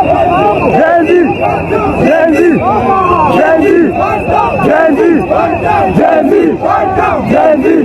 Genzi! Genzi! Genzi! Genzi! Genzi! Genzi! Genzi! Genzi!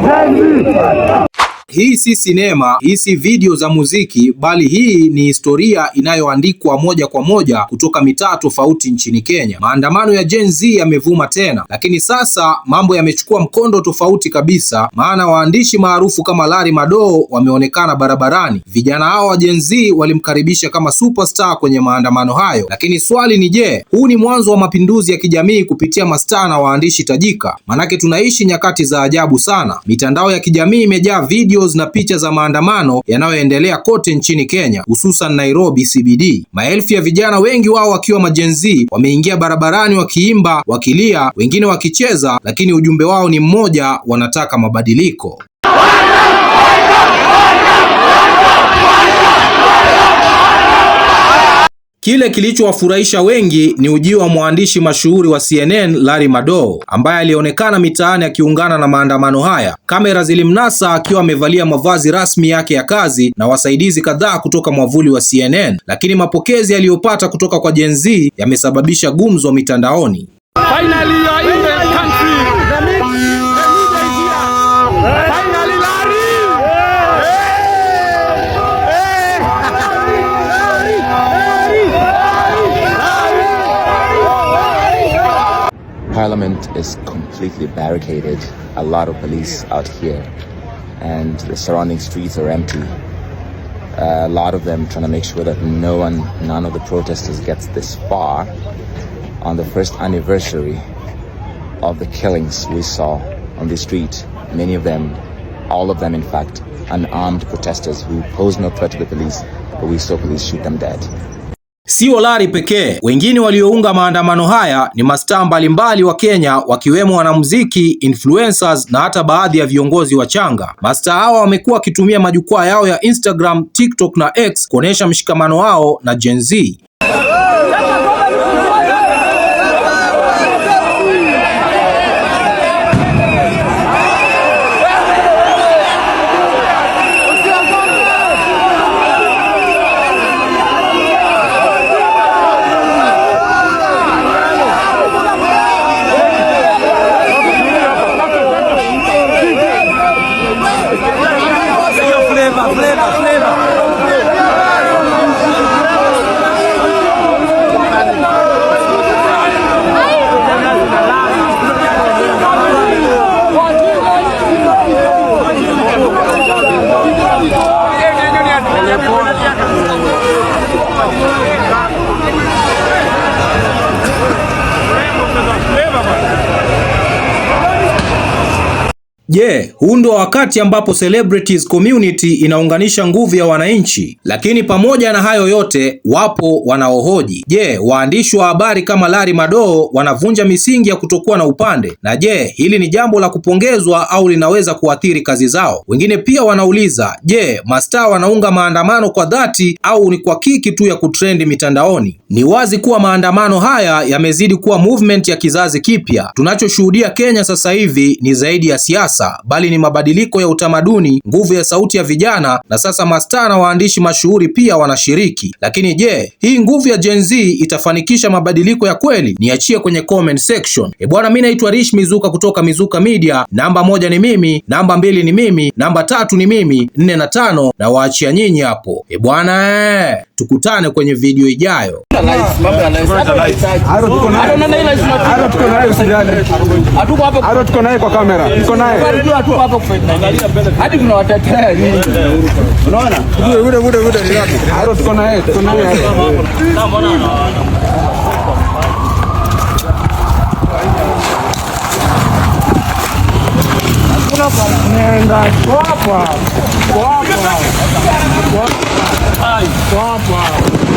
Genzi! Genzi! Genzi! Hii si sinema, hii si video za muziki, bali hii ni historia inayoandikwa moja kwa moja kutoka mitaa tofauti nchini Kenya. Maandamano ya Gen Z yamevuma tena, lakini sasa mambo yamechukua mkondo tofauti kabisa, maana waandishi maarufu kama Larry Madowo wameonekana barabarani. Vijana hao wa Gen Z walimkaribisha kama superstar kwenye maandamano hayo, lakini swali ni je, huu ni mwanzo wa mapinduzi ya kijamii kupitia mastaa na waandishi tajika? Manake tunaishi nyakati za ajabu sana. Mitandao ya kijamii imejaa video videos na picha za maandamano yanayoendelea kote nchini Kenya, hususan Nairobi CBD. Maelfu ya vijana, wengi wao wakiwa majenzii, wameingia barabarani wakiimba, wakilia, wengine wakicheza, lakini ujumbe wao ni mmoja, wanataka mabadiliko. Kile kilichowafurahisha wengi ni ujio wa mwandishi mashuhuri wa CNN Larry Madowo ambaye alionekana mitaani akiungana na maandamano haya. Kamera zilimnasa akiwa amevalia mavazi rasmi yake ya kazi na wasaidizi kadhaa kutoka mwavuli wa CNN, lakini mapokezi aliyopata kutoka kwa Gen Z yamesababisha gumzo mitandaoni. Finally, parliament is completely barricaded. A lot of police out here, and the surrounding streets are empty. Uh, a lot of them trying to make sure that no one, none of the protesters gets this far on the first anniversary of the killings we saw on the street. Many of them, all of them, in fact, unarmed protesters who posed no threat to the police, but we saw police shoot them dead. Si Olari pekee, wengine waliounga maandamano haya ni mastaa mbalimbali wa Kenya wakiwemo wanamuziki, influencers na hata baadhi ya viongozi wachanga. Mastaa hawa wamekuwa wakitumia majukwaa yao ya Instagram, TikTok na X kuonyesha mshikamano wao na Gen Z. Je, yeah, huu ndio wakati ambapo celebrities community inaunganisha nguvu ya wananchi. Lakini pamoja na hayo yote, wapo wanaohoji, je, yeah, waandishi wa habari kama Larry Madowo wanavunja misingi ya kutokuwa na upande? Na je, yeah, hili ni jambo la kupongezwa au linaweza kuathiri kazi zao? Wengine pia wanauliza, je, yeah, mastaa wanaunga maandamano kwa dhati au ni kwa kiki tu ya kutrendi mitandaoni? Ni wazi kuwa maandamano haya yamezidi kuwa movement ya kizazi kipya. Tunachoshuhudia Kenya sasa hivi ni zaidi ya siasa siasa, bali ni mabadiliko ya utamaduni, nguvu ya sauti ya vijana, na sasa mastaa na waandishi mashuhuri pia wanashiriki. Lakini je, hii nguvu ya Gen Z itafanikisha mabadiliko ya kweli? Niachie kwenye comment section. E bwana, mimi naitwa Rish Mizuka kutoka Mizuka Media. Namba moja ni mimi, namba mbili ni mimi, namba tatu ni mimi, nne na tano na waachia nyinyi hapo. E bwana, tukutane kwenye video ijayo. Tuko naye kwa kamera, tuko naye tunajua tu hapo kwa hadi tunawatetea nyinyi, unaona tuko na yeye hapa